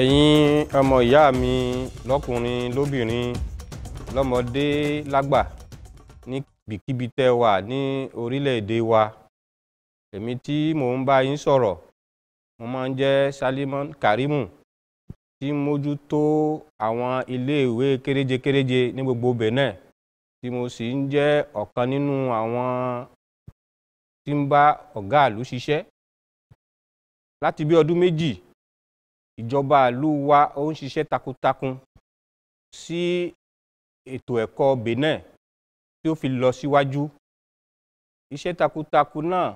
ẹ̀yin ọmọ ìyá mi lọ́kùnrin lóbìnrin lọ́mọdé lágbà níbikíbi tẹ́ wà ní orílẹ̀-èdè wa èmi tí mò ń bá yín sọ̀rọ̀ mo máa ń jẹ́ Salimon Karimu tí ń mójútó àwọn iléèwé kéréje-kéréje ní gbogbo Benin tí mo sì ń jẹ́ ọ̀kan nínú àwọn tí ń bá ọ̀gá ìlú ṣiṣẹ́ láti bí ọdún méjì ìjọba ìlú wa ó ń ṣiṣẹ́ takuntakun sí ètò ẹ̀kọ́ Benin tí ó fi lọ síwájú iṣẹ́ takuntakun náà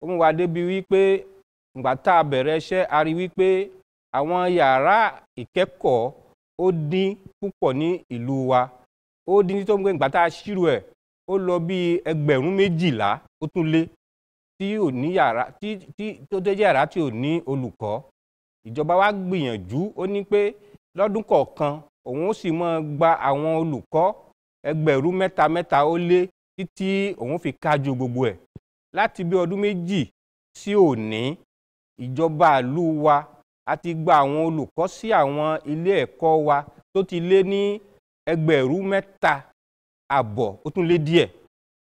ó mú wa débi wípé ìgbà tá a bẹ̀rẹ̀ iṣẹ́ a rí wípé àwọn yàrá ìkẹ́kọ̀ọ́ ó dín púpọ̀ ní ìlú wa ó dín tó ń gbé ìgbà tá a ṣírò ẹ̀ ó lọ bíi ẹgbẹ̀rún méjìlá ó tún lé tí ò ní yàrá tí tí tó dé yàrá tí ò ní olùkọ́ ìjọba wa gbìyànjú ó ní pé lọ́dún kọ̀ọ̀kan òun ó sì máa gba àwọn olùkọ́ ẹgbẹ̀rún mẹ́ta mẹ́ta ó lé títí òun fi kájú gbogbo ẹ̀ láti bí ọdún méjì sí òní ìjọba ìlú wa a ti gba àwọn olùkọ́ sí àwọn ilé ẹ̀kọ́ wa tó ti lé ní ẹgbẹ̀rún mẹ́ta àbọ̀ ó tún lé díẹ̀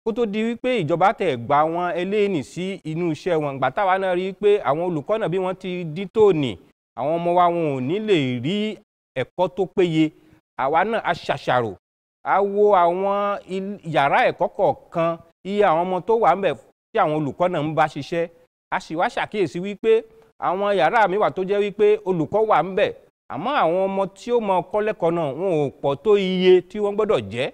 kó tó di wípé ìjọba tẹ̀ gba wọn eléyìí sí inú iṣẹ́ wọn gbàtà wa náà rí i pé àwọn olùkọ́ náà bí wọ́n ti dín tòní àwọn ọmọ wa wọn ò ní lè rí ẹ̀kọ́ tó péye àwa náà a ṣàṣàrò a wo àwọn yàrá ẹ̀kọ́ kọ̀ọ̀kan iye àwọn ọmọ tó wà ń bẹ̀ tí àwọn olùkọ́ náà ń bá ṣiṣẹ́ a sì wá ṣàkíyèsí wípé àwọn yàrá mi wà tó jẹ́ wípé olùkọ́ wà ń bẹ̀ àmọ́ àwọn ọmọ tí ó mọ kọ́lẹ́kọ̀ọ́ náà wọn ò pọ̀ tó iye tí wọ́n gbọ́dọ̀ jẹ́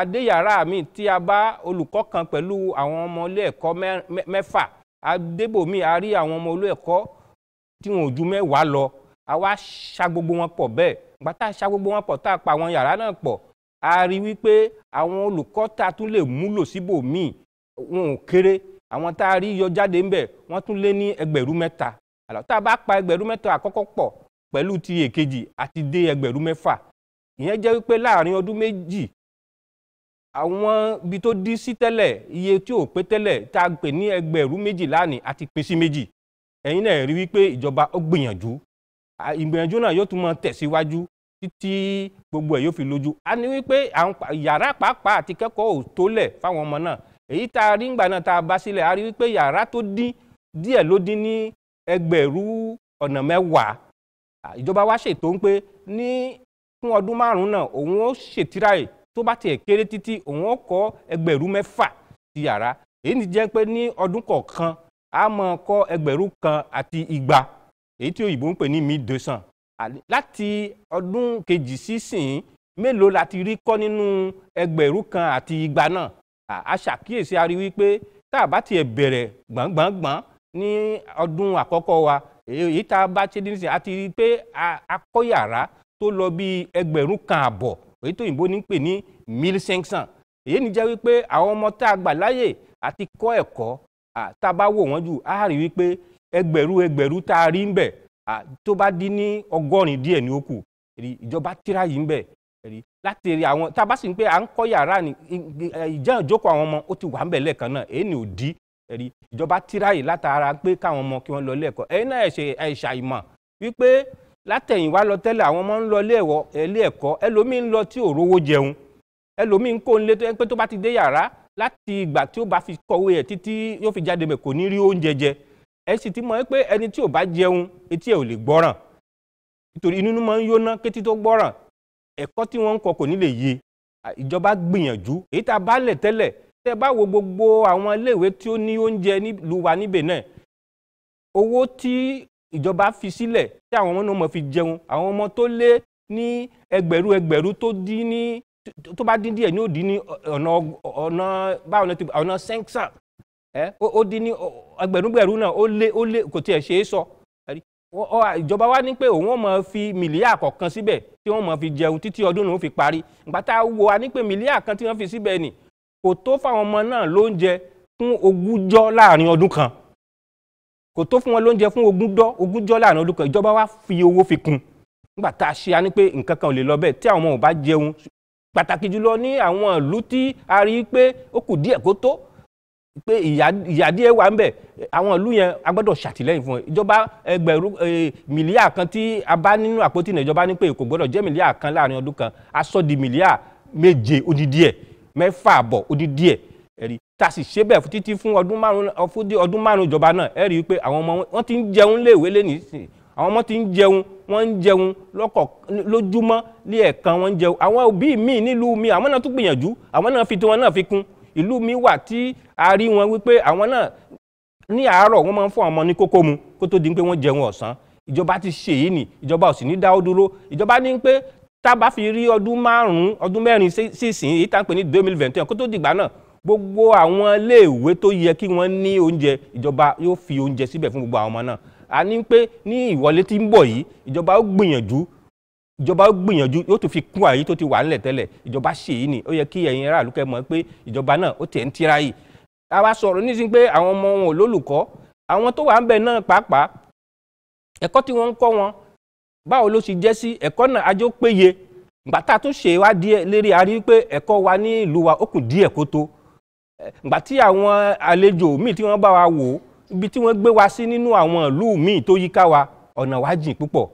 adé yàrá mi tí a bá olùkọ́ kan pẹ̀lú àwọn ọmọ ilé ẹ̀kọ́ mẹ́fà adébòmí a rí àwọn ọmọ ilé ẹ̀kọ́ tí wọn ò ju mẹ́wàá lọ a ṣa gbogbo wọn pọ̀ bẹ́ẹ̀ ìgbà tá a ṣa gbogbo wọn pọ̀ tá a pa àwọn yàrá náà pọ̀ a rí wípé àwọn olùkọ́ tá tún lè múlò síbò míì wọn ò kéré àwọn tá a rí yọ jáde ńbẹ̀ wọ́n tún lé ní ẹgbẹ̀rún mẹ́ta àlọ́ tá a bá pa ẹgbẹ̀rún mẹ́ta àkọ́kọ́ pọ̀ pẹ̀lú ti èkejì àti dé ẹgbẹ̀rún mẹ́fà ìyẹn jẹ́ wípé láàrin ọdún méjì àwọn ibi tó dí sí tẹ́lẹ̀ iye tí ò pé tẹ́lẹ̀ tá a pè ní ẹgbẹ̀rún méjìlá ni àti pín sí méjì ẹ̀yin náà rí wípé ìjọba ó gbìyànjú ìgbìyànjú náà yóò tún mọ tẹ̀síwájú títí gbogbo ẹ̀ yóò fi lójú a ní wípé yàrá pàápàá àti kẹ́kọ̀ọ́ ò tólẹ̀ fáwọn ọmọ náà èyí tá a rí ńgbà náà tá a bá sílẹ̀ a rí wípé yàrá tó dín díẹ̀ ló dín ní ẹgbẹ̀rún ọ̀nà mẹ́wàá ìjọba wa ṣètò ń pé ní fún ọdún márùn-ún náà òun ó ṣètìráyè tó bá tiẹ̀ kéré títí òun ó kọ́ ẹgbẹ̀rún mẹ́fà ti yàrá èyí ni jẹ́ pé ní ọdún kọ̀ọ̀kan a máa kọ́ ẹgbẹ̀rún kan àti igba èyí tí òyìnbó ń pè ní mille deux cents láti ọdún kejì sísìn mélòó la ti rí kọ́ nínú ẹgbẹ̀rún kan àti igba náà a ṣàkíyèsí a rí wípé tá a bá tiẹ̀ bẹ̀rẹ̀ gbọ̀ngbọ̀ngbọ̀n ní ọdún àkọ́kọ́ wa èyí tá a bá ṣe ní sìn a ti rí i pé a kọ́ yàrá tó lọ bí ẹgbẹ̀rún kan àbọ̀ èyí tó òyìnbó ní pè ní mille cinq cents èyí ni jẹ́ wípé àwọn ọmọ tá a gbà láyè àti kọ́ ẹ̀kọ́ tá a bá wò wọ́n jù á rí wípé ẹgbẹ̀rún ẹgbẹ̀rún tá a rí ń bẹ̀ tó bá dín ní ọgọ́rin díẹ̀ ní òkú ìjọba tíra yìí ń bẹ̀ láti rí àwọn tá a bá sì ń pé à ń kọ́ yàrá ni ìjẹ́ ìjókòó àwọn ọmọ ó ti wà ń bẹ̀ lẹ́ẹ̀kan náà èyí ni ò dí rí ìjọba tíra yìí látara pé káwọn ọmọ kí wọ́n lọ lẹ́ẹ̀kọ́ èyí náà ẹ̀ ṣàìmọ̀ wípé látẹ̀yìnwá lọ tẹ́lẹ̀ àwọn ọmọ ń lọ ilé ẹ̀kọ́ ẹlòmíín lọ tí òrówó jẹun ẹlòmíín kó ń lé pé tó bá ti dé yàrá láti ìgbà tí ó bá fi kọ̀wé ẹ̀ títí yóò fi jáde bẹ̀ kò ní rí oúnjẹ jẹ ẹ sì ti mọ̀ ẹ́ pé ẹni tí ò bá jẹun etí ẹ̀ ò lè gbọ́ràn nítorí inú máa ń yóná kétí tó gbọ́ràn ẹ̀kọ́ tí wọ́n ń kọ kò ní lè yé ìjọba gbìyànjú èyí tá a bá lẹ̀ tẹ́lẹ̀ tẹ́ bá wo gbogbo àwọn iléèwé tí ó ní oúnjẹ nílùú wa níbẹ̀ náà owó tí ìjọba fi sílẹ̀ tí àwọn ọmọ náà mọ̀ fi jẹun àwọn ọmọ tó lé ní ẹgbẹ̀rún ẹgbẹ̀rún tó dín ní tó bá dín díẹ̀ ni ó dín ní ọ̀nà ọ̀nà báwo ni ọ̀nà sẹ́ńsàn ó dín ní ẹgbẹ̀rúngbẹ̀rún náà ó lé ó lé kò tiẹ̀ ṣe é sọ ìjọba wa ní pé òun ó máa fi mílíà kọ̀ọ̀kan síbẹ̀ tí wọ́n máa fi jẹun títí ọdún lòún fi parí ìgbà tá a wo a ní pé mílíà kan tí wọ́n fi síbẹ̀ ni kò tó fáwọn ọmọ náà lóúnjẹ fún ogúnjọ́ láàrin ọdún kan kò tó fún wọn lóúnjẹ fún ogúnjọ́ láàrin ọdún kan ìjọba wa fi owó fi kún nígbà tá a ṣe a ní pé nǹkan kan ò lè lọ bẹ́ẹ̀ tí àwọn ọmọ ò bá jẹun pàtàkì jùlọ ní àwọn ìlú tí a rí i pé ó kù díẹ̀ kó tó pé ìyàdíẹ wà ń bẹ àwọn ìlú yẹn a gbọ́dọ̀ ṣàtìlẹ́yìn fún ẹ ìjọba ẹgbẹ̀rún eh, mílíà kan tí a bá nínú àpótí náà ìjọba ní pé kò gbọ́dọ̀ jẹ́ mílíà kan láàrin ọdún kan a sọ di mílíà méje odidi ẹ̀ mẹ́fà àbọ̀ odidi ẹ̀ ẹ̀rí tá sì ṣe bẹ́ẹ̀ títí fún ọdún márùn-ún ìjọba náà ẹ̀rí pé àwọn ọmọ wọn ti ń jẹun léèwé lé nísìnyí àwọn ọmọ ti ń jẹun wọ́n ń jẹun lọ́kọ̀ lójúmọ́ ní ẹ̀ẹ̀kan wọ́n ń jẹun àwọn òbí mi nílùú mi àwọn náà tún gbìyànjú àwọn náà fi tiwọn náà fi kún ìlú mi wà tí a rí wọn wípé àwọn náà ní àárọ̀ wọ́n máa ń fún ọmọ ní kókó mu kó tó di pé wọ́n jẹun ọ̀sán ìjọba ti ṣe èyí nì ìjọba ò sì ní dáwọ́ dúró ìjọba ní pé tá a bá fi rí ọdún márùn-ún ọdún mẹ́rin sísìn èyí tá à ń pè ní deux kó tó a ní pé ní ìwọlé tí ń bọ̀ yìí ìjọba ó gbìyànjú ìjọba ó gbìyànjú yóò tún fi kún àyè tó ti wà nílẹ̀ tẹ́lẹ̀ ìjọba ṣe yìí ni ó yẹ kí ẹ̀yin aráàlú kẹ́ mọ̀ pé ìjọba náà ó tẹ̀ ń tira yìí a wá sọ̀rọ̀ nísìnyí pé àwọn ọmọ wọn ò lólùkọ́ àwọn tó wà ń bẹ náà pàápàá ẹ̀kọ́ tí wọ́n ń kọ́ wọn báwo ló ṣe jẹ́ sí ẹ̀kọ́ náà ajó péye ìgbà tá a tún ṣe ìwádìí lérí a rí pé ẹ̀kọ́ wa ní ìlú wa ó kù díẹ̀ kó tó ìgbà àwọn àlejò míì tí wọ́n bá wa wò ó ibi tí wọ́n gbé wa sí nínú àwọn ìlú míì tó yíká wa ọ̀nà wa jìn púpọ̀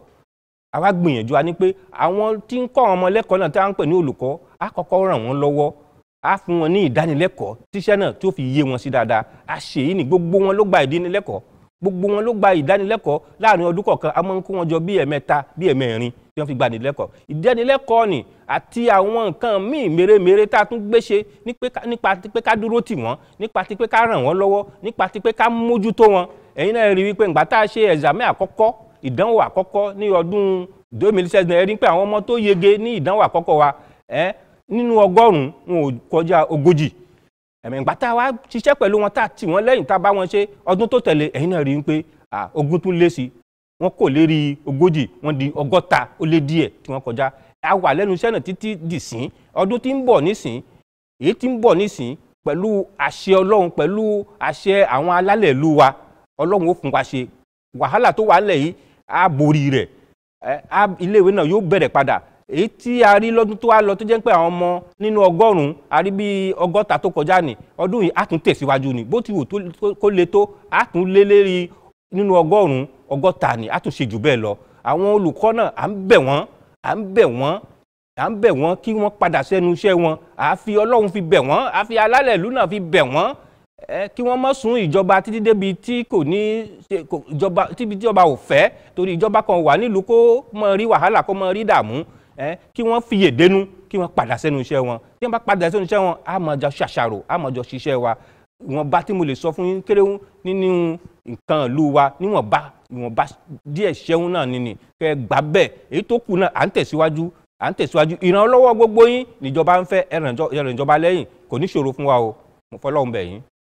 àwa gbìyànjú wa ní pé àwọn tí ń kọ́ àwọn ọmọ lẹ́kọ̀ọ́ náà tí wọ́n ń pè ní olùkọ́ á kọ́kọ́ ràn wọ́n lọ́wọ́ á fún wọn ní ìdánilẹ́kọ̀ọ́ tíṣẹ́ náà tó fi yé wọn sí dáadáa á ṣèyí gbogbo wọn ló gba ìdínilẹ́kọ̀ọ́ gbogbo wọn ló gba ìdánilẹ́kọ̀ọ́ láàrin ọdún kọ̀ọ̀kan a máa ń kó wọn jọ bí ẹ̀mẹ́ta bí ẹ̀mẹ́rin tí wọ́n fi gba ìdánilẹ́kọ̀ọ́ ìdánilẹ́kọ̀ọ́ ni àti àwọn nǹkan míì mèremère tá a tún gbé ṣe nípa ti pé ká dúró tì wọ́n nípa ti pé ká ràn wọ́n lọ́wọ́ nípa ti pé ká mójútó wọn ẹ̀yin náà rí i wípé ǹgbà tá a ṣe ẹ̀zàmẹ́ àkọ́kọ́ ìdánwò àkọ́kọ́ ní ọdún 2007 ẹ rí pé àwọn ọmọ tó yege ní ìdánwò ẹ̀mí ìgbà tá a wá ṣiṣẹ́ pẹ̀lú wọn tá a tì wọ́n lẹ́yìn tá a bá wọn ṣe ọdún tó tẹ̀lé ẹ̀yin náà rí i pé ogún tún lé sí wọn kò lérí ogójì wọn di ọgọ́ta ó lé díẹ̀ tí wọ́n kọjá a wà lẹ́nu iṣẹ́ náà títí dì sín ọdún tí ń bọ̀ nísìn èyí tí ń bọ̀ nísìn pẹ̀lú àṣẹ ọlọ́run pẹ̀lú àṣẹ àwọn alálẹ̀ ìlú wa ọlọ́run ó fún wa ṣe wàhálà tó wà lẹ̀ yìí á borí rẹ̀ ilé ìwé náà yóò bẹ̀rẹ̀ padà èyí tí a rí lọ́dún tó wá lọ tó jẹ́ pé àwọn ọmọ nínú ọgọ́rùn-ún a rí bí ọgọ́ta tó kọjá ní ọdún yìí á tún tẹ̀síwájú ni bó ti wù kó le tó á tún lé lérí nínú ọgọ́rùn-ún ọgọ́ta ni á tún ṣe jù bẹ́ẹ̀ lọ àwọn olùkọ́ náà à ń bẹ̀ wọ́n à ń bẹ̀ wọ́n à ń bẹ̀ wọ́n kí wọ́n padà sẹ́nu iṣẹ́ wọn à fi ọlọ́run fi bẹ̀ wọ́n à fi alálẹ̀ ìlú náà fi bẹ̀ wọ́n kí wọ́n má sún ìjọba títí débi tí kò ní ìjọba tí ọba ò fẹ́ torí ìjọba kan wà nílùú kó má rí wàhálà kó má rí dààmú kí wọ́n fiyè dénú kí wọ́n padà sẹ́nu iṣẹ́ wọn tí wọ́n bá padà sẹ́nu iṣẹ́ wọn á máa jọ ṣàṣàrò á máa jọ ṣiṣẹ́ wa ìwọ̀nba tí mo lè sọ fún yín kéré nínú nǹkan ìlú wa níwọ̀nba ìwọ̀nba díẹ̀ ṣẹ́hún náà nìní kẹ́ gbà bẹ́ẹ̀ èyí tó kù náà à ń tẹ̀síwájú à ń tẹ̀síwájú ìrànlọ́wọ́ gbogbo yín níjọba ń fẹ́ ẹ̀rànjọba lẹ́yìn kò ní ṣòro fún wa o mo fọlọ́run bẹ̀ yín.